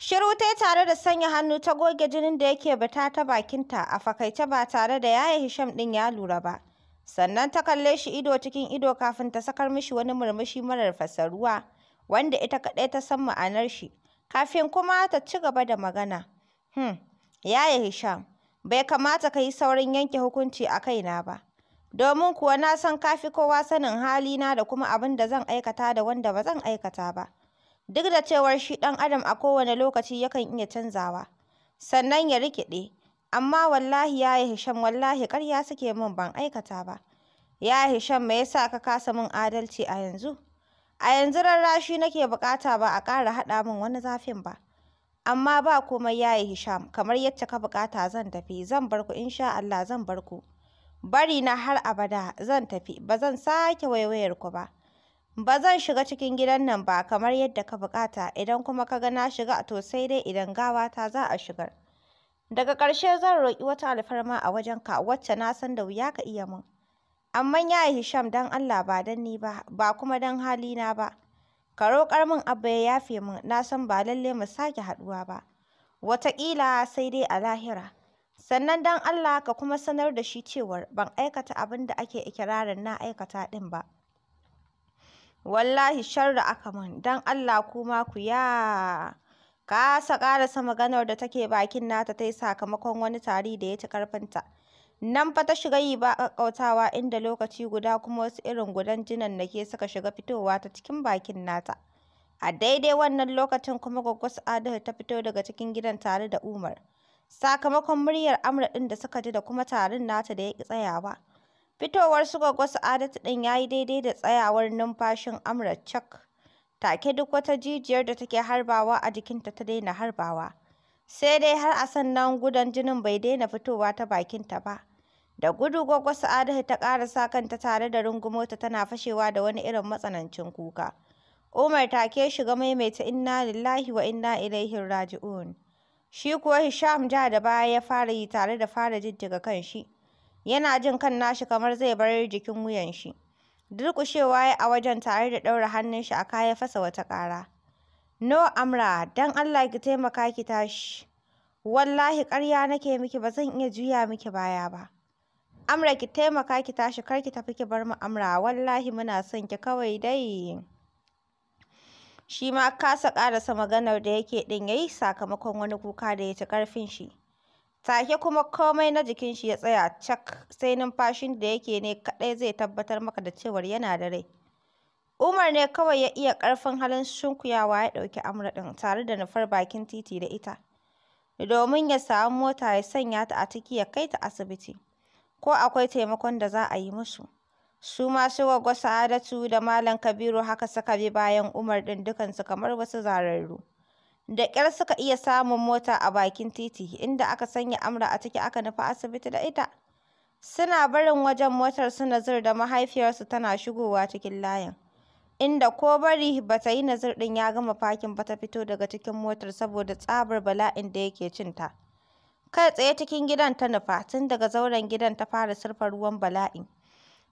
Shiru ta tare da sanya hannu ta goge jinin da yake bata ta bakinta a fakaice ba tare da yaya Hisham ɗin ya lura ba. Sannan ta kalle shi ido cikin ido kafin ta sakar mishi wani murmushi marar fasaruwa wanda ita kaɗai ta san ma'anar shi. Kafin kuma ta ci gaba da magana. Hmm, yaya Hisham, bai kamata ka yi saurin yanke hukunci a kaina ba. Domin kuwa na san ka fi kowa sanin halina da kuma abin da zan aikata da wanda ba zan aikata ba. duk da cewar shi ɗan adam a kowane lokaci yakan iya canzawa sannan ya rikide amma wallahi ya yi hisham wallahi karya suke min ban aikata ba ya yi hisham me yasa ka kasa min adalci a yanzu a yanzu rarrashi nake bukata ba a ƙara haɗa min wani zafin ba amma ba komai ya yi hisham kamar yadda ka bukata zan tafi zan barku, ku insha Allah zan barku. bari na har abada zan tafi ba zan sake waiwayar ku ba ba zan shiga cikin gidan nan ba kamar yadda ka bukata idan kuma ka ga na shiga to sai dai idan ta za a shigar daga ƙarshe zan roƙi wata alfarma a wajen ka, wacce na san da wuya ka iya min amma ya Hisham dan Allah ba dan ni ba ba kuma dan hali na ba ka roƙar min abba ya yafe min na san ba lalle mu sake haɗuwa ba wataƙila sai dai a lahira sannan dan Allah ka kuma sanar da shi cewar ban aikata abin da ake ikirarin na aikata din ba wallahi sharri aka min don Allah kuma ku ya kasa ƙarasa maganar da take bakin nata ta yi sakamakon wani tari da ya ci ƙarfinta nan fa ta shiga yi ba kautawa inda lokaci guda kuma wasu irin gudan jinan ke suka shiga fitowa ta cikin bakin nata a daidai wannan lokacin kuma gwaggwa Sa'adatu ta fito daga cikin gidan tare da Umar sakamakon muryar Amra ɗin da suka ji da kuma tarin nata da ya tsayawa Fitowar su Gwaggo Sa'adatu ɗin ya yi daidai da tsayawar numfashin Amra cak. Take duk wata jijiyar da take harbawa a jikinta ta daina harbawa. Sai dai har a sannan gudan jinin bai daina fitowa ta bakinta ba. Da gudu Gwaggo Sa'adatu ta sa kanta tare da rungumota tana fashewa da wani irin matsanancin kuka. Umar take shiga maimaita inna lillahi wa inna ilaihi raji'un. Shi kuwa Hisham ja da baya ya fara yi tare da fara jijjiga kanshi. yana jin kan nashi kamar zai bar jikin wuyan shi. Durƙushewa ya a wajen tare da ɗaura hannun shi a kaya fasa wata ƙara. No Amra, dan Allah ki taimaka ki tashi. Wallahi ƙarya nake miki ba zan iya juya miki baya ba. Amra ki taimaka ki tashi kar ki tafi ki bar mu Amra wallahi muna son ki kawai dai. Shi ma kasa ƙarasa maganar da yake ɗin yayi sakamakon wani kuka da ya ci ƙarfin shi. Take kuma komai na jikin shi ya tsaya cak, sai numfashin da yake ne kadai zai tabbatar maka da cewar yana da rai. Umar ne kawai ya iya ƙarfin halin sunkuyawa ya ɗauki Amra din tare da nufar bakin titi da ita, domin ya samu mota ya sanya ta a ciki ya kai ta asibiti, ko akwai taimakon da za a yi musu. Su ma su adatu da Malam Kabiru haka suka bi bayan Umar ɗin dukansu kamar wasu zararru. da kyar suka iya samun mota a bakin titi inda aka sanya amra a ciki aka nufi asibiti da ita suna barin wajen motar su nazir da mahaifiyarsu tana shigowa cikin layin inda ko bari ba ta yi nazir ɗin ya gama fakin ba ta fito daga cikin motar saboda tsabar bala'in da yake cinta kai tsaye cikin gidan ta nufa tun daga zauren gidan ta fara surfa ruwan bala'in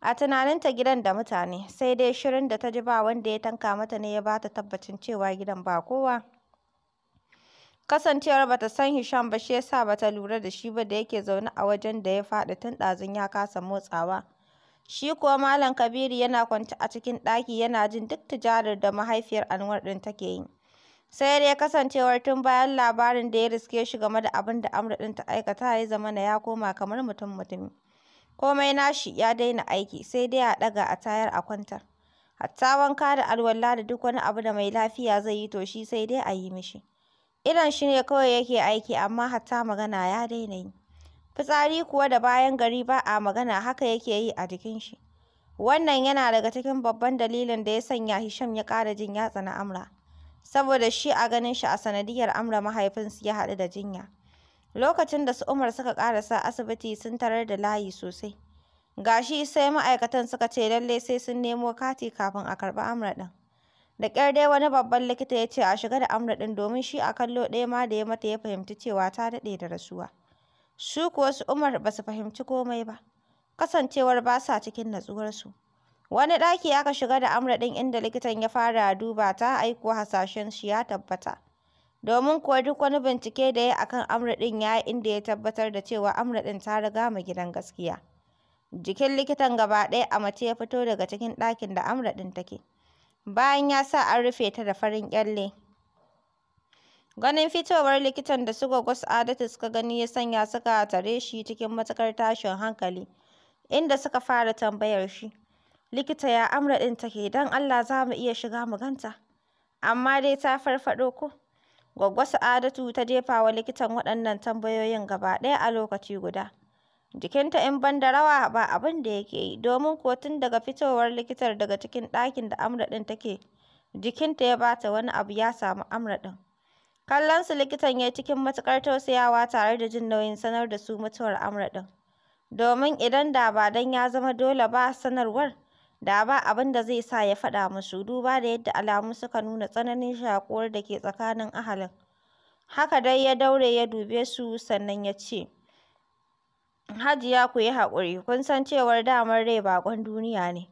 a tunaninta gidan da mutane sai dai shirin da ta ji ba wanda ya tanka mata ne ya ba ta tabbacin cewa gidan ba kowa Kasancewar ba ta san Hisham ba shi yasa sa ba ta lura da shi ba da yake zaune a wajen da ya faɗi tun ɗazun ya kasa motsawa. Shi kuwa Malam Kabiru yana kwance a cikin ɗaki yana jin duk tijarar da mahaifiyar Anwar ɗin take yi. Sai dai kasancewar tun bayan labarin da ya riske shi game da abin da Amr ɗin ta aikata ya zama na ya koma kamar mutum mutumi. Komai nashi ya daina aiki sai dai a ɗaga a tayar a kwanta Hatta wanka da alwala da duk wani abu da mai lafiya zai yi to shi sai dai a yi mishi. Idan shi ne kawai yake aiki amma hatta magana ya daina yi. Fitsari kuwa da bayan gari ba a magana haka yake yi a jikin shi. Wannan yana daga cikin babban dalilin da ya sanya Hisham ya ƙara jin ya na Amra. Saboda shi a ganin shi a sanadiyar Amra mahaifinsu ya haɗu da jinya. Lokacin da su Umar suka ƙarasa asibiti sun tarar da layi sosai. Gashi sai ma'aikatan suka ce lallai sai sun nemo kati kafin a karɓi Amra ɗin. Da ƙyar dai wani babban likita ya ce a shiga da Amra ɗin domin shi a kallo ɗaya ma da ya mata ya fahimci cewa ta daɗe da rasuwa. Su kuwa su Umar ba su fahimci komai ba, kasancewar ba sa cikin natsuwarsu. Wani ɗaki aka shiga da Amra ɗin inda likitan ya fara duba ta aiko hasashen shi ya tabbata. Domin kuwa duk wani bincike da ya akan Amra ɗin ya yi inda ya tabbatar da cewa Amra ɗin ta riga mu gidan gaskiya. Jikin likitan gaba ɗaya a mace ya fito daga cikin ɗakin da Amra ɗin take. bayan ya sa an rufe ta da farin ƙyalle. Ganin fitowar likitan da su gwas Sa'adatu suka gani ya sanya suka tare shi cikin matuƙar tashin hankali, inda suka fara tambayar shi, likita ya Amra ɗin take don Allah za mu iya shiga mu ganta, amma dai ta farfaɗo ko? Goggo adatu ta jefa wa likitan waɗannan tambayoyin gaba ɗaya a lokaci guda. Jikinta in ban rawa ba abin da yake yi, domin kuwa tun daga fitowar likitar daga cikin ɗakin da Amra ɗin take, jikinta ya ba ta wani abu ya samu Amra ɗin. Kallon su likitan ya cikin matuƙar tausayawa tare da jin nauyin sanar da su mutuwar Amra ɗin. Domin idan da ba dan ya zama dole ba sanarwar, da ba abin da zai sa ya faɗa musu, duba da yadda alamu suka nuna tsananin shakuwar da ke tsakanin ahalin. Haka dai ya daure ya dube su sannan ya ce. Hajiya ku yi haƙuri, kun san cewar damar rai baƙon duniya ne,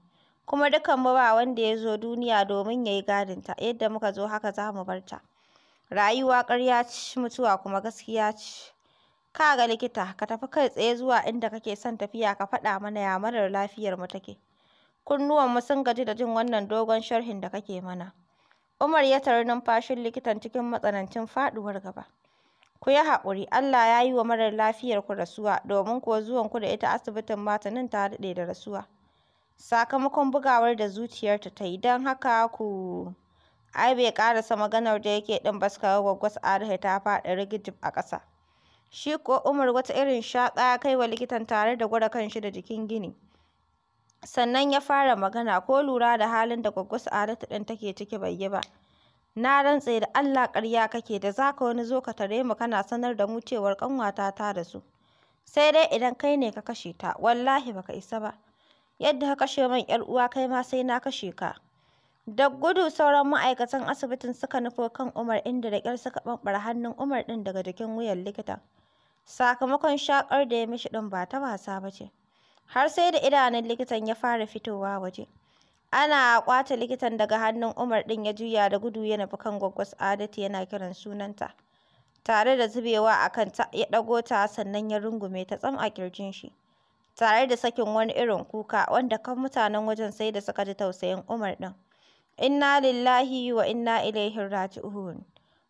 kuma dukkanmu ba wanda ya zo duniya domin ya yi gadinta, yadda muka zo haka za mu bar ta. Rayuwa ƙarya ce, mutuwa kuma gaskiya ce. Ka ga likita, ka tafi kai tsaye zuwa inda kake son tafiya ka faɗa mana ya marar mu take. Kunnuwanmu sun gaji da jin wannan dogon sharhin da kake mana. Umar ya taru numfashin likitan cikin matsanancin faɗuwar gaba. Ku yi haƙuri, Allah ya yi wa marar lafiyar ku rasuwa, domin kuwa zuwanku da ita asibitin nan ta daɗe da rasuwa, sakamakon bugawar da zuciyarta ta yi, don haka ku… Ai bai ƙarasa maganar da yake ɗin ba suka Gwaggo ta faɗi rigijib a ƙasa. Shi ko Umar wata irin shaƙa ya kai wa likitan tare da gwada kanshi da jikin gini. Sannan ya fara magana, ko lura da halin da Gwaggo Sa'adatu ɗin take ciki bai yi ba. Na rantse da Allah ƙarya kake da za ka wani zo ka tare mu kana sanar da mu cewar ƙanwata ta da su. Sai dai idan kai ne ka kashe ta, wallahi baka isa ba. Yadda ka kashe min ‘yar uwa kai ma sai na kashe ka. Da gudu sauran ma'aikatan asibitin suka nufo kan Umar inda da ƙyar suka bambara hannun Umar ɗin daga jikin wuyan likitan. Sakamakon shakar da ya mishi ɗin ba ta wasa ba ce. Har sai da idanun likitan ya fara fitowa waje. Ana ƙwace likitan daga hannun Umar ɗin ya juya da gudu ya nufi kan gwaggwas Adatu yana kiran sunanta. Tare da zubewa a kanta ya ɗago ta sannan ya rungume ta tsam a ƙirjin shi. Tare da sakin wani irin kuka wanda kan mutanen wajen sai da suka ji tausayin Umar ɗin. Inna lillahi wa inna ilaihi raji'un.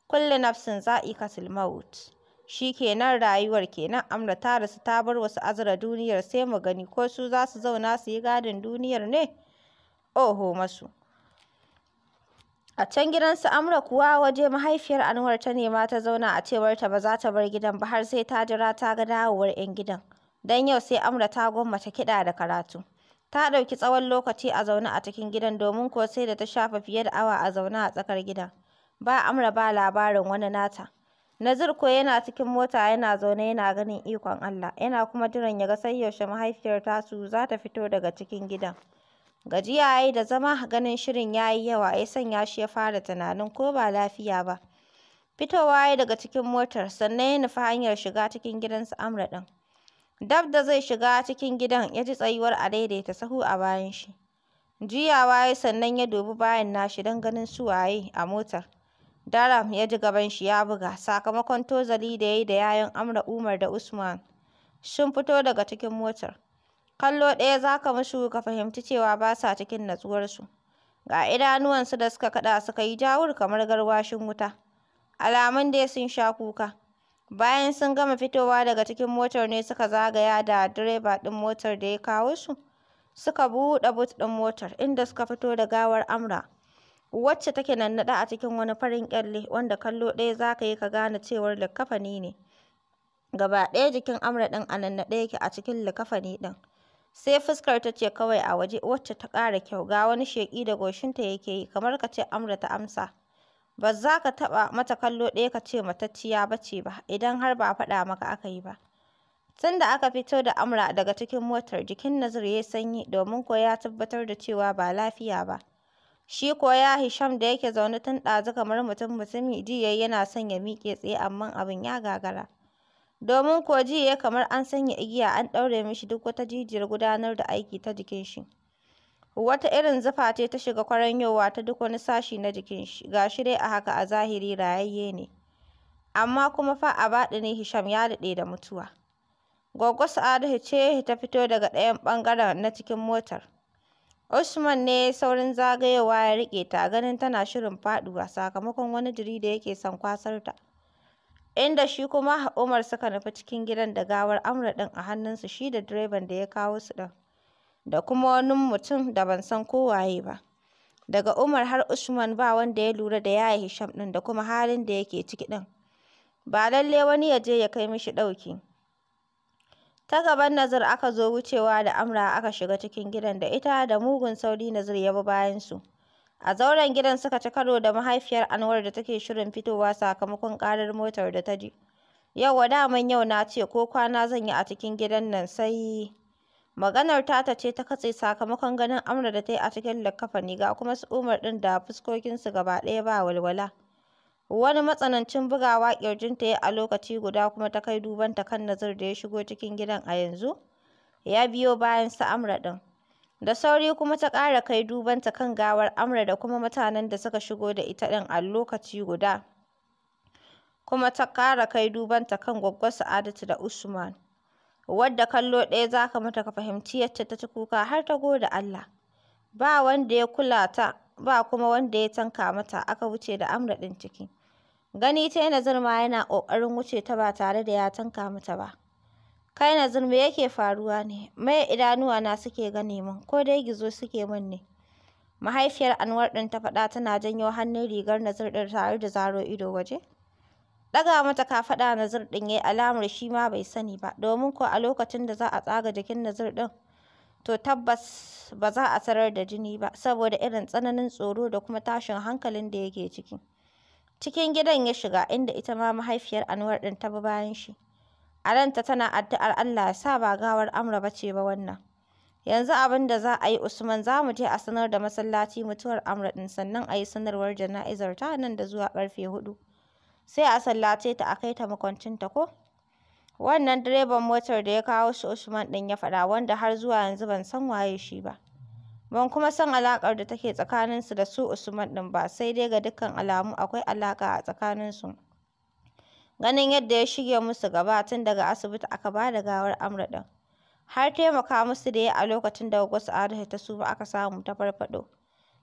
Kulli nafsin za'iqatul maut. Shi kenan rayuwar kenan Amra ta rasu ta bar wasu azura, duniyar sai mu gani ko su za su zauna su yi gadin duniyar ne? oho masu. A can gidan su Amra kuwa waje mahaifiyar Anwar ta nema ta zauna a cewar ta ba za ta bar gidan ba har sai ta jira ta ga dawowar 'yan gidan. Don yau sai Amra ta ta kiɗa da karatu. Ta ɗauki tsawon lokaci a zaune a cikin gidan domin ko sai da ta shafa fiye da awa a zaune a tsakar gidan. Ba Amra ba labarin wani nata. Nazir ko yana cikin mota yana zaune yana ganin ikon Allah, yana kuma jiran ya ga sai yaushe mahaifiyar tasu za ta fito daga cikin gidan. Gajiya ya yi da zama, ganin shirin ya yi yawa ya sanya shi ya fara tunanin ko ba lafiya ba. Fitowa ya daga cikin motar, sannan ya nufi hanyar shiga cikin gidan su Amra ɗin. Dab da zai shiga cikin gidan, ya ji tsayuwar adaidaita sahu a bayan shi. Juyawa ya sannan ya dubi bayan nashi don ganin su waye a motar. Daram ya ji gaban shi ya buga sakamakon tozali da ya yi da yayan Amra Umar da Usman sun fito daga cikin motar. kallo ɗaya za ka musu ka fahimci cewa ba sa cikin natsuwarsu ga idanuwansu da suka kaɗa suka yi jawur kamar garwashin wuta alamun dai sun sha kuka bayan sun gama fitowa daga cikin motar ne suka zagaya da direba ɗin motar da ya kawo su suka buɗe but ɗin motar inda suka fito da gawar amra wacce take nannaɗe a cikin wani farin kyalle wanda kallo ɗaya za ka yi ka gane cewar likkafani ne gaba ɗaya jikin amra ɗin a nannaɗe yake a cikin likkafani ɗin sai fuskar ta ce kawai a waje wacce ta ƙara kyau ga wani sheƙi da goshinta yake yi kamar ka ce amra ta amsa ba za ka taɓa mata kallo ɗaya ka ce matacciya ba ce ba idan har ba faɗa maka aka yi ba tun da aka fito da amra daga cikin motar jikin nazir ya sanyi domin ko ya tabbatar da cewa ba lafiya ba shi ko ya hisham da yake zaune tun ɗazu kamar mutum mutumi ji yana son ya miƙe tsaye amma abin ya gagara domin ko ji ya kamar an sanya igiya an ɗaure mishi duk wata jijiyar gudanar da aiki ta jikin shi. Wata irin zufa ce ta shiga kwaranyowa ta duk wani sashi na jikin shi, ga shi dai a haka a zahiri rayayye ne. Amma kuma fa a baɗi ni Hisham ya daɗe da mutuwa. Gwaggo Sa'adu ce ta fito daga ɗayan ɓangaren na cikin motar. Usman ne saurin zagayowa ya riƙe ta ganin tana shirin faɗuwa sakamakon wani jiri da yake son kwasar ta. inda shi kuma Umar suka nufi cikin gidan da gawar Amra ɗin a hannunsu shi da direban da ya kawo su ɗin da kuma wani mutum da ban san kowaye ba. Daga Umar har Usman ba wanda ya lura da yaya Hisham ɗin da kuma halin da yake ciki ɗin. Ba lalle wani ya je ya kai mishi ɗauki. Ta gaban Nazir aka zo wucewa da Amra aka shiga cikin gidan da ita da mugun sauri Nazir ya bi bayansu. A zauren gidan suka ci karo da mahaifiyar Anwar da take shirin fitowa sakamakon karar motar da ta ji. Yau Yauwa daman yau na ce ko kwana zan yi a cikin gidan nan sai maganar tata ce ta katse sakamakon ganin Amra da ta yi a cikin likkafani ga kuma su Umar ɗin da fuskokinsu gaba ɗaya ba walwala. Wani matsanancin bugawa kirjinta ya a lokaci guda kuma ta kai duban ta kan Nazir da ya shigo cikin gidan a yanzu ya biyo bayan su Amra ɗin. Da sauri kuma ta ƙara kai dubanta kan gawar Amra da kuma mutanen da suka shigo da ita ɗin a lokaci guda. Kuma ta ƙara kai dubanta kan Gwaggo Sa'adatu da Usman. Wadda kallo ɗaya za ka mata ka fahimci yadda ta ci kuka har ta gode Allah. Ba wanda ya kula ta, ba kuma wanda ya tanka mata, aka wuce da Amra ɗin ciki. Gani ta yana zarma ma yana ƙoƙarin wuce ta ba tare da ya tanka mata ba. Kai Nazir me yake faruwa ne? Mai idanuwa na suke gane min, ko dai gizo suke min ne? Mahaifiyar Anwar ɗin ta faɗa tana janyo hannun rigar Nazir ɗin tare da zaro ido waje. Ɗaga mata kafaɗa Nazir ɗin ya yi alamar shi ma bai sani ba, domin ko a lokacin da za a tsaga jikin Nazir ɗin, to tabbas ba za a sarar da jini ba, saboda irin tsananin tsoro da kuma tashin hankalin da yake ciki. Cikin gidan ya shiga, inda ita ma mahaifiyar Anwar ɗin ta bi bayan shi. A ranta tana addu'ar Allah ya sa ba gawar Amra ba ce ba wannan. Yanzu abin da za a yi Usman za mu je a sanar da masallaci mutuwar Amra ɗin sannan a yi sanarwar jana'izar ta nan da zuwa karfe hudu. Sai a sallace ta a kai ta makwancinta ko? Wannan direban motar da ya kawo shi Usman ɗin ya faɗa wanda har zuwa yanzu ban san waye shi ba. Ban kuma san alaƙar da take tsakaninsu da su Usman ɗin ba sai dai ga dukkan alamu akwai alaƙa a tsakaninsu. ganin yadda ya shige musu gaba tun daga asibiti aka ba da gawar Amra ɗin. Har taimaka musu da ya a lokacin da Gwaggwa Sa'adatu ta suma aka samu ta farfaɗo.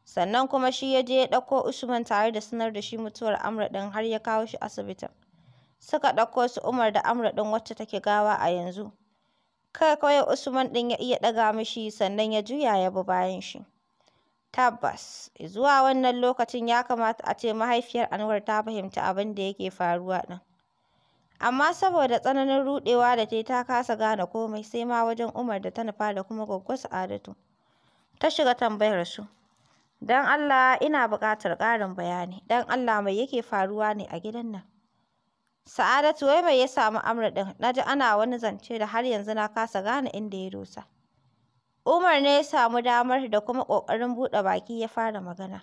Sannan kuma shi ya je ya ɗauko Usman tare da sanar da shi mutuwar Amra ɗin har ya kawo shi asibitin. Suka ɗauko su Umar da Amra din wacce take gawa a yanzu. Kai kawai Usman ɗin ya iya ɗaga mishi sannan ya juya ya bi bayan shi. Tabbas, zuwa wannan lokacin ya kamata a ce mahaifiyar Anwar ta fahimci abin da yake faruwa ɗin. amma saboda tsananin ruɗewa da ta yi ta kasa gane komai sai ma wajen Umar da ta nufa da kuma gwaggwa Sa'adatu. Ta shiga tambayar su. dan Allah ina buƙatar ƙarin bayani, dan Allah mai yake faruwa ne a gidan nan? Sa'adatu wai mai ya samu Amr ɗin? Na ji ana wani zance da har yanzu na kasa gane inda ya dosa. Umar ne ya samu damar da kuma ƙoƙarin buɗe baki ya fara magana.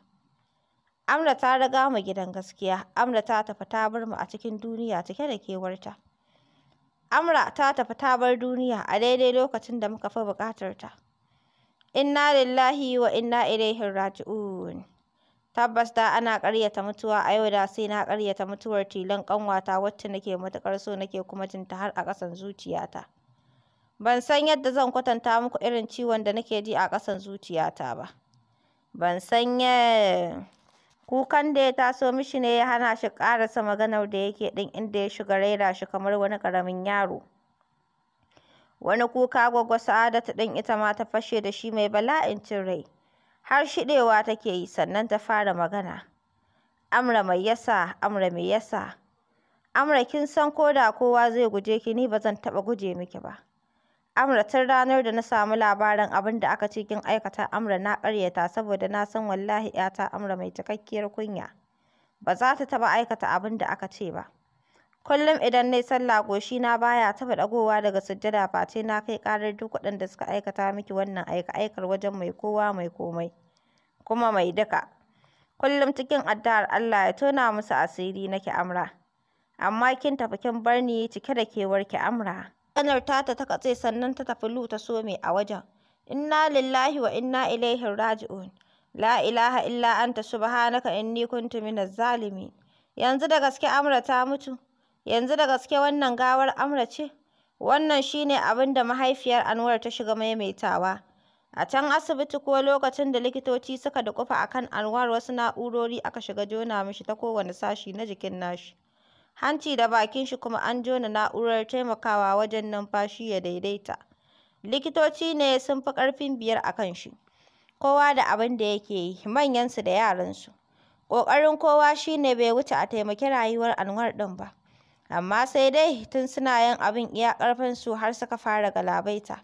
Amra ta riga mu gidan gaskiya. Amra ta tafi ta bar mu a cikin duniya cike da kewarta. Amra ta tafi ta bar duniya a daidai lokacin da muka fi buƙatar ta. Inna lillahi wa inna ilaihi raji'un. Tabbas da ana ƙaryata mutuwa a yau da sai na ƙaryata mutuwar tilon ƙanwata wacce nake matuƙar so nake kuma jin ta har a ƙasan zuciyata. Ban san yadda zan kwatanta muku irin ciwon da nake ji a ƙasan zuciyata ba. Ban san Kukan da ya taso mishi ne ya hana shi ƙarasa maganar da yake ɗin inda ya shiga raira shi kamar wani ƙaramin yaro. Wani kuka gwaggo Sa'adatu ɗin ita ma ta fashe da shi mai bala'in cin rai. Har shiɗewa take yi sannan ta fara magana. Amra mai yasa, Amra mai yasa. Amra kin san ko da kowa zai guje ki ni ba zan taɓa guje miki ba. Amra tun ranar da na samu labarin abin da aka ce kin aikata Amra na ƙaryata saboda na san wallahi ‘yata Amra mai cikakkiyar kunya ba za ta taɓa aikata abin da aka ce ba. Kullum idan na yi sallah na baya taɓa ɗagowa daga sujjada face na kai ƙarar duk waɗanda suka aikata miki wannan aika-aikar wajen mai kowa mai komai kuma mai duka. Kullum cikin addu'ar Allah ya tona musu asiri nake Amra. Amma kin tafi kin bar ni cike da kewar ki Amra. Maganar tata ta katse sannan ta tafi Lu ta some a wajen. Inna lillahi wa inna ilaihi raji'un. La ilaha illa anta subhanaka inni kuntu minaz zalimin. Yanzu da gaske Amra ta mutu. Yanzu da gaske wannan gawar Amra ce. Wannan shine abin da mahaifiyar Anwar ta shiga maimaitawa. A can asibiti ko lokacin da likitoci suka dukufa akan Anwar wasu na'urori aka shiga jona mishi ta kowane sashi na jikin nashi. hanci da bakin shi kuma an jona na'urar taimakawa wajen numfashi ya daidaita. Likitoci ne sun fi ƙarfin biyar a kan shi, kowa da abin da yake yi, manyansu da yaransu. Ƙoƙarin kowa shi ne bai wuce a taimaki rayuwar Anwar ɗin ba. Amma sai dai tun suna yin abin iya ƙarfinsu har suka fara galabaita.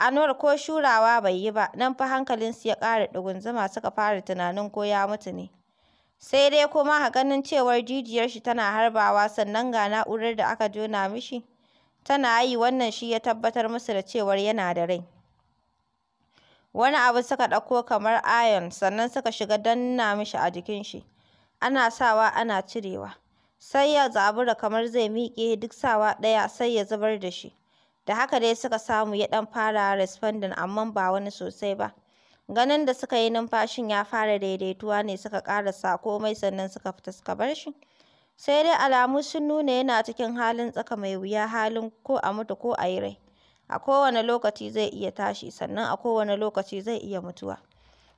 Anwar ko shurawa bai yi ba, nan fa hankalinsu ya ƙara ɗigunzuma suka fara tunanin ko ya mutu ne. sai dai kuma a ganin cewar jijiyar shi tana harbawa sannan ga na'urar da aka jona mishi tana yi wannan shi ya tabbatar musu da cewar yana da rai wani abu suka ɗauko kamar iron sannan suka shiga danna mishi a jikin shi ana sawa ana cirewa sai ya zabura kamar zai miƙe duk sawa ɗaya sai ya zubar da shi da haka dai suka samu ya ɗan fara responding amma ba wani sosai ba Ganin da suka yi numfashin ya fara daidaituwa ne suka sa komai sannan suka fita suka bar shi. Sai dai alamu sun nuna yana cikin halin tsaka mai wuya halin ko a mutu ko a yi rai. A kowane lokaci zai iya tashi sannan a kowane lokaci zai iya mutuwa.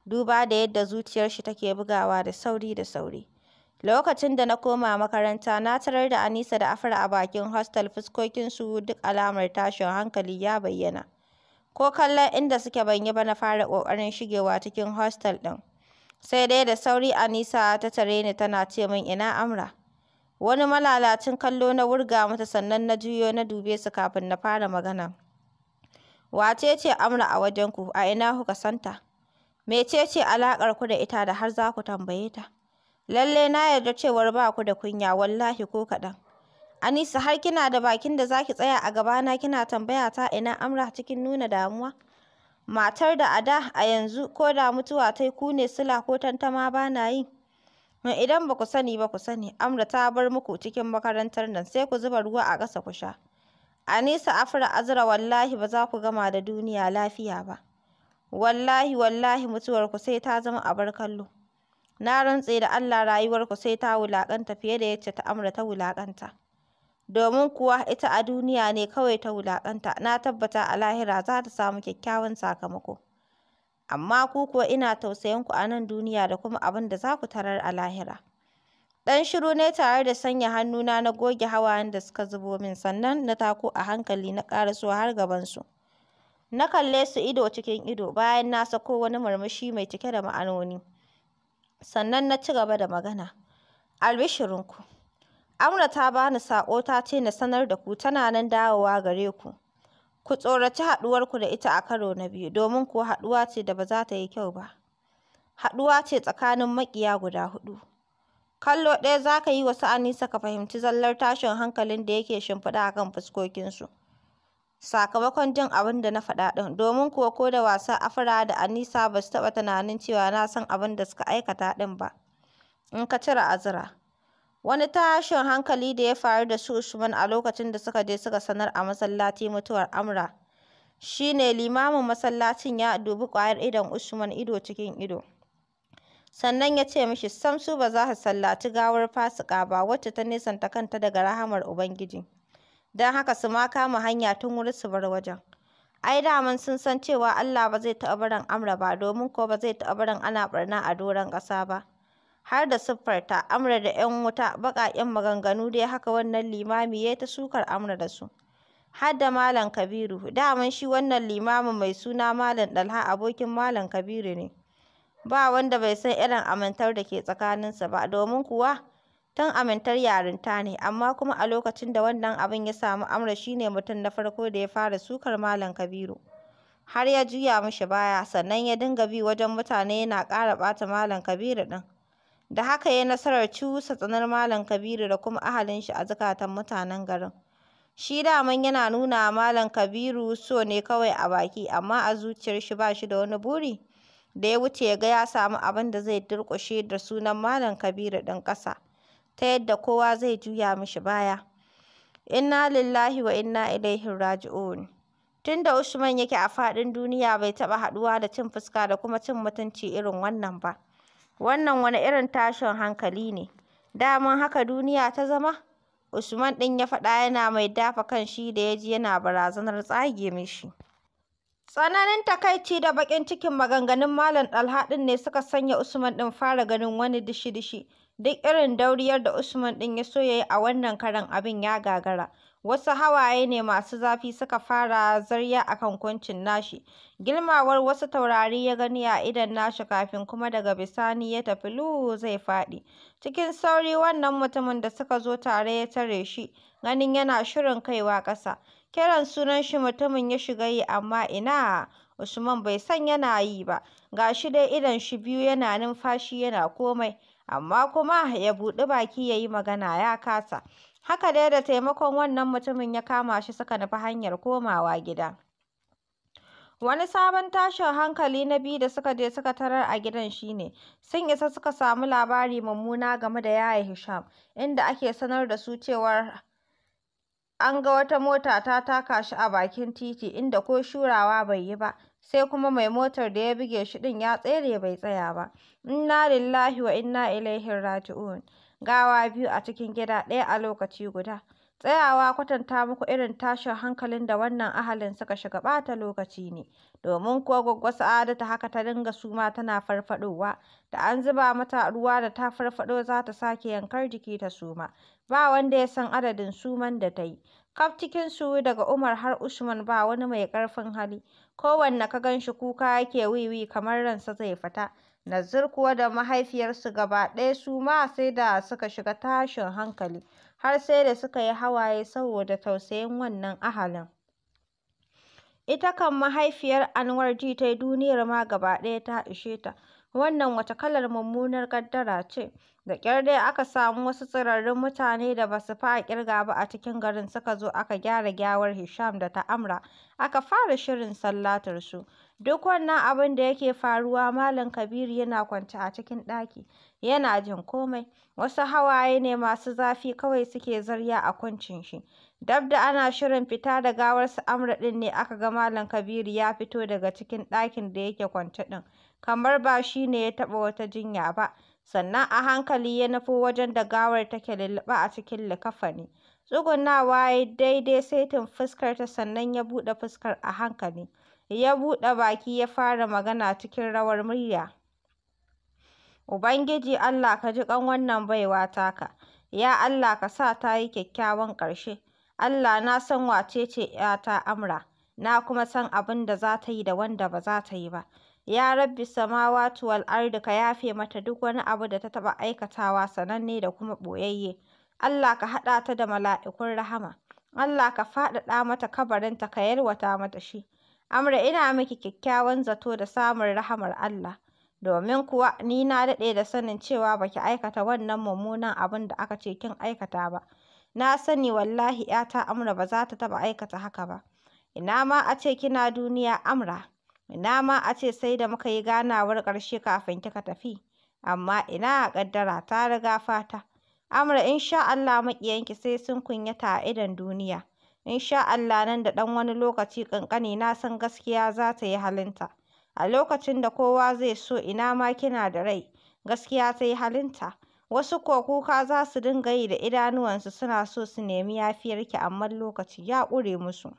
Duba da yadda zuciyar shi take bugawa da sauri da sauri. Lokacin da na koma makaranta na tarar da Anisa da Afra a bakin hostel fuskokinsu duk alamar tashin hankali ya bayyana. ko kallon inda suke ban yi ba na fara ƙoƙarin shigewa cikin hostel ɗin. Sai dai da sauri Anisa ta tare ni tana ce min ina Amra. Wani malalacin kallo na wurga mata sannan na juyo na dube su kafin na fara magana. Wace ce Amra a wajenku? A ina kuka santa? Mece ce alaƙarku da ita da har za ku tambaye ta? Lallai na yarda cewar ba ku da kunya wallahi ko kaɗan. Anisa har kina da bakin da zaki tsaya a gabana kina tambaya ta ina amra cikin nuna damuwa. Matar da a da a yanzu ko da mutuwa ta yi ku ne sila ko tantama ba na yi. Idan ba ku sani ba ku sani, Amra ta bar muku cikin makarantar nan sai ku zuba ruwa a ƙasa ku sha. Anisa Afra Azra wallahi ba za ku gama da duniya lafiya ba. Wallahi wallahi mutuwar ku sai ta zama a bar kallo. Na rantse da Allah rayuwarku sai ta wulaƙanta fiye da yacce ta Amra ta wulaƙanta. domin kuwa ita a duniya ne kawai ta wulaƙanta, na tabbata a lahira za ta samu kyakkyawan sakamako. Amma ku kuwa ina tausayinku a nan duniya da kuma abin da za ku tarar a lahira. Ɗan shiru ne tare da sanya hannuna na goge hawayen da suka zubo min sannan na tako a hankali na ƙaraso har gabansu. Na kalle su ido cikin ido bayan na sako wani murmushi mai cike da ma'anoni. Sannan na ci gaba da magana. Albishirinku. Amna ta bani saƙo ta ce na sanar da ku tana nan dawowa gare ku. Ku tsoraci ku da ita a karo na biyu, domin kuwa haɗuwa ce da ba za ta yi kyau ba. Haɗuwa ce tsakanin maƙiya guda huɗu. Kallo ɗaya za ka yi wa su Anisa ka fahimci zallar tashin hankalin da yake shimfiɗa a kan fuskokinsu. Sakamakon jin abin da na faɗa ɗin, domin kuwa ko da wasa Afira da Anisa ba su taɓa tunanin cewa na san abin da suka aikata ɗin ba. In ka cire azura. Wani tashin hankali da ya faru da su Usman a lokacin da suka je suka sanar a masallaci mutuwar Amra, shi ne limamin masallacin ya dubi ƙwayar idon Usman ido cikin ido. Sannan ya ce mishi samsu ba za su sallaci gawar fasika ba wacce ta nesanta kanta daga rahamar Ubangiji. Don haka su ma kama hanya tun wuri su bar wajen. Ai daman sun san cewa Allah ba zai taɓa barin Amra ba domin ko ba zai taɓa barin ana barna a doron ƙasa ba. har da siffarta Amra da 'yan wuta baƙaƙen maganganu dai haka wannan limami ya yi ta sukar Amra da su. Har da Malam Kabiru, daman shi wannan limamin mai suna Malam Ɗalha abokin Malam Kabiru ne. Ba wanda bai san irin amintar da ke tsakaninsa ba, domin kuwa tun amintar yarinta ne, amma kuma a lokacin da wannan abin ya samu Amra shi ne mutum na farko da ya fara sukar Malam Kabiru. Har ya juya mishi baya, sannan ya dinga bi wajen mutane yana ƙara ɓata Malam Kabiru ɗin. da haka ya yi nasarar cusa tsanar Malam Kabiru da kuma ahalin shi a zukatan mutanen garin. Shi daman yana nuna wa Malam Kabiru so ne kawai a baki, amma a zuciyar shi ba shi da wani buri da ya wuce ya ga ya samu abin da zai durƙushe da sunan Malam Kabiru ɗin ƙasa, ta yadda kowa zai juya mishi baya. Inna lillahi wa inna ilaihi raji'un. Tun da Usman yake a faɗin duniya bai taɓa haɗuwa da cin fuska da kuma cin mutunci irin wannan ba. Wannan wani irin tashin hankali ne, daman haka duniya ta zama? Usman ɗin ya faɗa yana mai dafa kan shi da ya ji yana barazanar tsage mishi. Tsananin takaici da bakin cikin maganganun Malam Ɗalha ne suka sanya Usman ɗin fara ganin wani dishi-dishi. Duk irin dauriyar da Usman ɗin ya so ya yi a wannan karon abin ya gagara. Wasu hawaye ne masu zafi suka fara zarya a kan kuncin nashi, Girmawar wasu taurari ya gani a idon nashi kafin kuma daga bisani ya tafi luhu zai faɗi. Cikin sauri wannan mutumin da suka zo tare ya tare shi, ganin yana shirin kaiwa ƙasa. Kiran sunan shi mutumin ya shiga yi amma ina, Usman bai san yana yi ba, ga shi dai idon shi biyu yana numfashi yana komai, amma kuma ya buɗi baki ya yi magana ya kasa. Haka dai da taimakon wannan mutumin ya kama shi suka nufi hanyar komawa gida. Wani sabon tashin hankali na biyu da suka je suka tarar a gidan shi ne, sun isa suka samu labari mummuna game da Yaya Hisham, inda ake sanar da su cewar an ga wata mota ta taka shi a bakin titi inda ko shurawa bai yi ba, sai kuma mai motar da ya buge shi ɗin ya tsere bai tsaya ba. Inna lillahi wa'inna inna ilaihi raji'un. gawa biyu a cikin gida ɗaya a lokaci guda. Tsayawa kwatanta muku irin tashin hankalin da wannan ahalin suka shiga ɓata lokaci ne, domin kuwa Gwaggo Sa'adatu haka ta dinga suma tana farfaɗowa, da an zuba mata ruwa da ta farfaɗo za ta sake yankar jiki ta suma, ba wanda ya san adadin suman da ta yi. Kaf cikinsu daga Umar har Usman ba wani mai ƙarfin hali, kowanne ka gan shi kuka yake wiwi kamar ransa zai fita. Nazir kuwa da mahaifiyarsu gaba ɗaya su ma sai da suka shiga tashin hankali, har sai da suka yi hawaye saboda tausayin wannan ahalin. Ita kam mahaifiyar Anwar ji ta duniyar ma gaba ɗaya ta ishe ta, wannan wata kalar mummunar ƙaddara ce. Da ƙyar dai aka samu wasu tsirarun mutane da ba su fa ƙirga ba a cikin garin suka zo aka gyara gyawar Hisham da ta Amra, aka fara shirin sallatar su. Duk wannan abin da yake faruwa Malam Kabiru yana kwance a cikin ɗaki, yana jin komai. Wasu hawaye ne masu zafi kawai suke zarya a kuncin shi. Dab da ana shirin fita da gawar su Amra ɗin ne aka ga Malam Kabiru ya fito daga cikin ɗakin da yake kwance ɗin, kamar ba shi ne ya taɓa wata jinya ba. sannan a hankali ya nufo wajen da gawar take lulluɓe a cikin likafani. Tsugunawa ya yi daidai saitin fuskarta sannan ya buɗe fuskar a hankali, ya buɗe baki ya fara magana cikin rawar murya. Ubangiji Allah ka ji ƙan wannan baiwa taka, ya Allah ka sa ta yi kyakkyawan ƙarshe, Allah na san wace ce ‘yata Amra, na kuma san abin da za ta yi da wanda ba za ta yi ba. Ya Rabbi samawati wal ardi ka yafe mata duk wani abu da ta taɓa aikatawa sananne da kuma ɓoyayye. Allah ka haɗa ta da mala'ikun rahama. Allah ka faɗaɗa mata kabarinta ka yalwata mata shi. Amra ina miki kyakkyawan zato da samun rahamar Allah. Domin kuwa ni na daɗe da sanin cewa baki aikata wannan mummunan abin da aka ce kin aikata ba. Na sani wallahi 'yata Amra ba za ta taɓa aikata haka ba. Ina ma a ce kina duniya Amra. Ina ma a ce sai da muka yi ganawar ƙarshe kafin kika tafi, amma ina a ƙaddara ta riga fata. Amra in sha Allah maƙiyanki sai sun kunyata a idon duniya. In sha Allah nan da ɗan wani lokaci ƙanƙani na san gaskiya za ta yi halinta. A lokacin da kowa zai so ina ma kina da rai, gaskiya ta yi halinta. Wasu ko kuka za su dinga yi da idanuwansu suna so su nemi yafiyarki amma lokaci ya ƙure musu.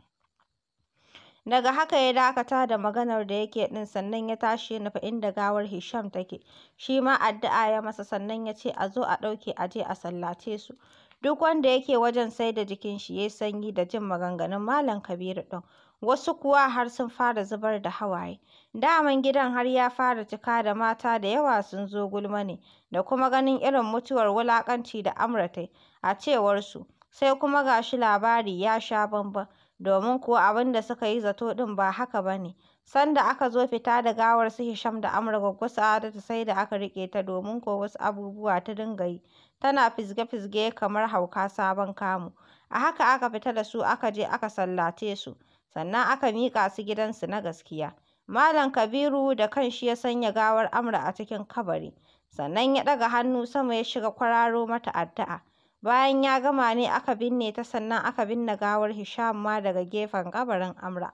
Daga haka ya dakata da maganar da yake ɗin sannan ya tashi ya nufi inda gawar Hisham take, shi ma addu'a ya masa sannan ya ce a zo a ɗauke a je a sallace su. Duk wanda yake wajen sai da jikin shi ya yi sanyi da jin maganganun Malam Kabiru ɗin. wasu kuwa har sun fara zubar da hawaye. Daman gidan har ya fara cika da mata da yawa sun zo gulma ne, da kuma ganin irin mutuwar wulaƙanci da Amra ta yi, a cewar su. Sai kuma ga shi labari ya sha bambam. domin kuwa abin da suka yi zato ɗin ba haka ba ne. Sanda aka zo fita da gawar su Hisham da Amra Gwaggo Sa'adatu sai da aka riƙe ta domin ko wasu abubuwa ta dinga yi, tana fizge-fizge kamar hauka sabon kamu. A haka aka fita da su aka je aka sallace su, sannan aka miƙa su gidansu na gaskiya. Malam Kabiru da kanshi ya sanya gawar Amra a cikin kabari, sannan ya ɗaga hannu sama ya shiga kwararo mata addu'a. Bayan ya gama ne aka binne ta sannan aka binne gawar Hisham ma daga gefen kabarin Amra.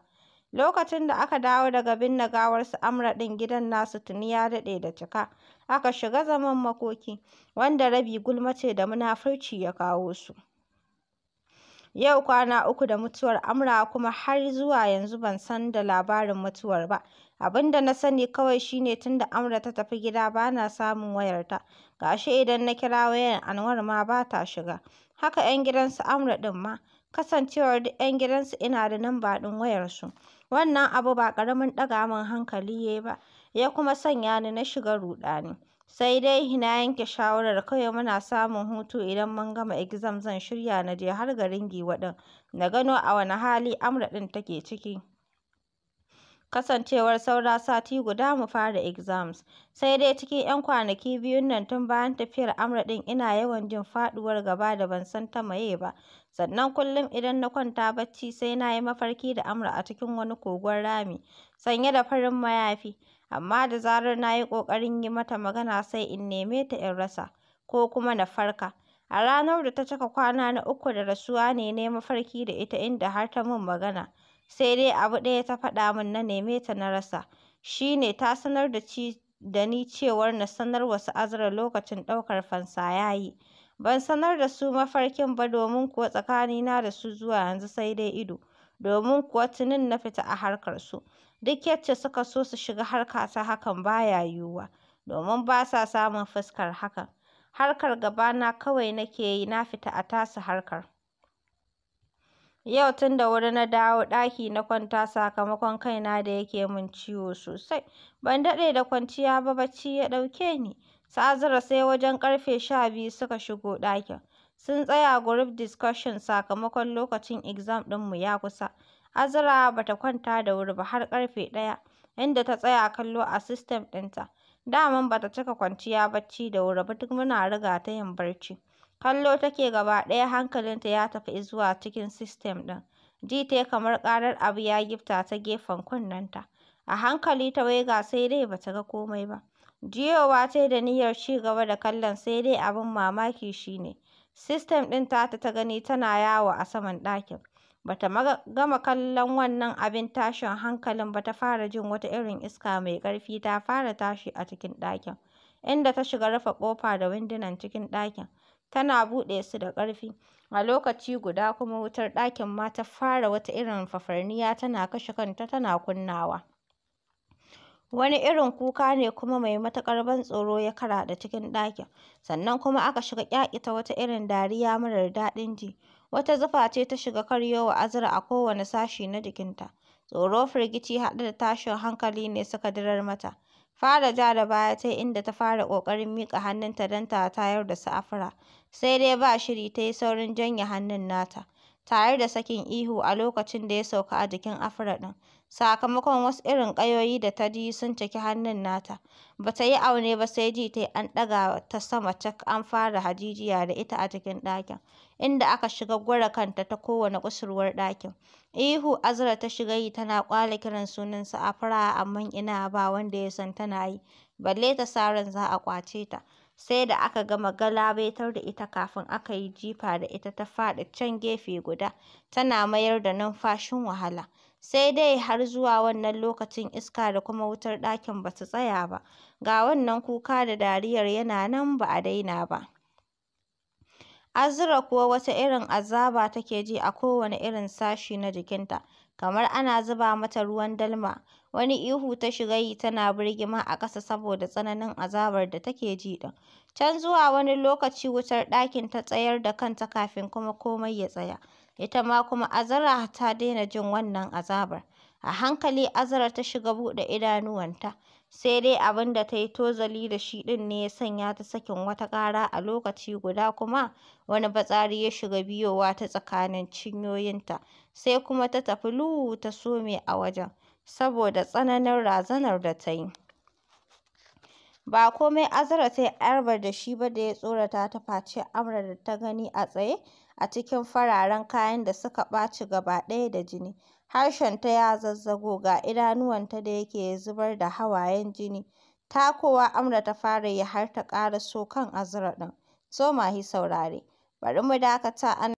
Lokacin da aka dawo daga binne gawar su Amra ɗin gidan nasu tuni ya daɗe da cika. Aka shiga zaman makoki, wanda rabi gulma ce da munafurci ya kawo su. Yau kwana uku da mutuwar Amra kuma har zuwa yanzu ban san da labarin mutuwar ba. Abin da na sani kawai shine ne tun da Amra ta tafi gida bana samun wayarta. Ga idan na kira wayar Anwar ma ba ta shiga. Haka 'yan gidan su Amra ɗin ma. Kasancewar duk 'yan gidansu ina da namba ɗin wayarsu. Wannan abu ba ƙaramin ɗaga min hankali ya yi ba, ya kuma sanya ni na shiga ruɗani. Sai dai na yanke shawarar kawai muna samun hutu idan mun gama exam zan shirya na je har garin Giwa ɗin na gano a wane hali Amra ɗin take ciki. kasancewar saura sati guda mu fara exams. Sai dai cikin 'yan kwanaki biyun nan tun bayan tafiyar Amra ɗin ina yawan jin faɗuwar gaba da ban san ta maye ba. Sannan kullum idan na kwanta bacci sai na yi mafarki da Amra a cikin wani kogon rami, sanye da farin mayafi. Amma da zarar na yi ƙoƙarin yi mata magana sai in neme ta in rasa, ko kuma na farka. A ranar da ta cika kwana na uku da rasuwa ne na mafarki da ita inda har ta mun magana. sai dai abu ɗaya ta faɗa min na neme ta na rasa, shi ne ta sanar da ci da ni cewar na wa su Azra lokacin ɗaukar fansa ya yi. Ban sanar da su mafarkin ba domin kuwa tsakanina da su zuwa yanzu sai dai ido, domin kuwa tunin na fita a harkar su. Duk yacce suka so su shiga harka ta hakan ba ya yiwuwa, domin ba sa samun fuskar hakan. Harkar gabana kawai nake yi na fita a tasu harkar. Yau tun da wuri na dawo ɗaki na kwanta sakamakon kaina da yake min ciwo sosai. Ban daɗe da kwanciya ba bacci ya ɗauke ni. Ta sai wajen ƙarfe sha biyu suka shigo ɗakin. Sun tsaya group discussion sakamakon lokacin exam ɗinmu ya kusa. azara bata kwanta da wuri ba har ƙarfe ɗaya, inda ta tsaya kallo a system ɗinta. Daman bata ta cika kwanciya bacci da wuri ba duk muna riga ta yin barci. kallo take gaba ɗaya hankalinta ya tafi izuwa cikin sistem ɗin. Ji tai kamar ƙarar abu ya gifta ta gefen kunnenta. A hankali ta waiga sai dai bata ga komai ba. Juyowa tai da niyyar ci gaba da kallon sai dai abin mamaki shi ne, sistem ɗin tata ta gani tana yawo a saman ɗakin. Bata ma gama kallon wannan abin tashin hankalin ba ta fara jin wata irin iska mai ƙarfi ta fara tashi a cikin ɗakin, inda ta shiga rufe ƙofa da windunan cikin ɗakin. tana buɗe su da ƙarfi. A lokaci guda kuma wutar ɗakin ma ta fara wata irin fafarniya tana kashe kanta tana kunnawa. Wani irin kuka ne kuma mai matuƙar ban tsoro ya karaɗa cikin ɗakin, sannan kuma aka shiga ƙyaƙyata wata irin dariya marar daɗin ji. Wata zufa ce ta shiga karyowa azura a kowane sashi na jikinta. Tsoro, firgici haɗe da tashin hankali ne suka dirar mata. fara ja da baya ta inda ta fara ƙoƙarin miƙa hannunta don ta tayar da afura, sai dai ba shiri ta yi saurin janye hannun nata, tare da sakin ihu a lokacin da ya sauka a jikin Afra ɗin. sakamakon wasu irin ƙayoyi da ta ji sun caki hannun nata. Ba ta yi aune ba sai ji ta yi an ɗaga ta sama cak an fara hajijiya da ita a cikin ɗakin, inda aka shiga gwara kanta ta kowane kusurwar ɗakin. Ihu Azra ta shiga yi tana ƙwala kiran sunansa a fara amma ina ba wanda ya san tana yi, balle ta sa ran za a ƙwace ta. sai da aka gama galabaitar da ita kafin aka yi jifa da ita ta faɗi can gefe guda, tana mayar da numfashin wahala. Sai dai har zuwa wannan lokacin iska da kuma wutar ɗakin ba su tsaya ba, ga wannan kuka da dariyar yana nan ba a daina ba. Azra kuwa wata irin azaba take ji a kowane irin sashi na jikinta, kamar ana zuba mata ruwan dalma, wani ihu ta shiga yi tana birgima a ƙasa saboda tsananin azabar da take ji ɗin. Can zuwa wani lokaci wutar ɗakin ta tsayar da kanta kafin kuma komai ya tsaya. ita ma kuma azara ta daina jin wannan azabar. A hankali azara ta shiga buɗe idanuwanta, sai dai abin da ta yi tozali da shi ɗin ne ya sanya ta sakin wata ƙara a lokaci guda kuma wani batsari ya shiga biyowa ta tsakanin cinyoyinta, sai kuma ta tafi luhu ta some a wajen, saboda tsananin razanar da ta yi. Ba komai azara ta yi arba da shi ba da ya tsorata ta face Amrar da ta gani a tsaye a cikin fararen kayan da suka ɓaci gaba ɗaya da jini, harshenta ya zazzago, ga idanuwanta da yake zubar da hawayen jini. Ta kowa Amra ta fara yi har ta ƙara so kan Azra ɗin. So hi saurare, bari mu dakata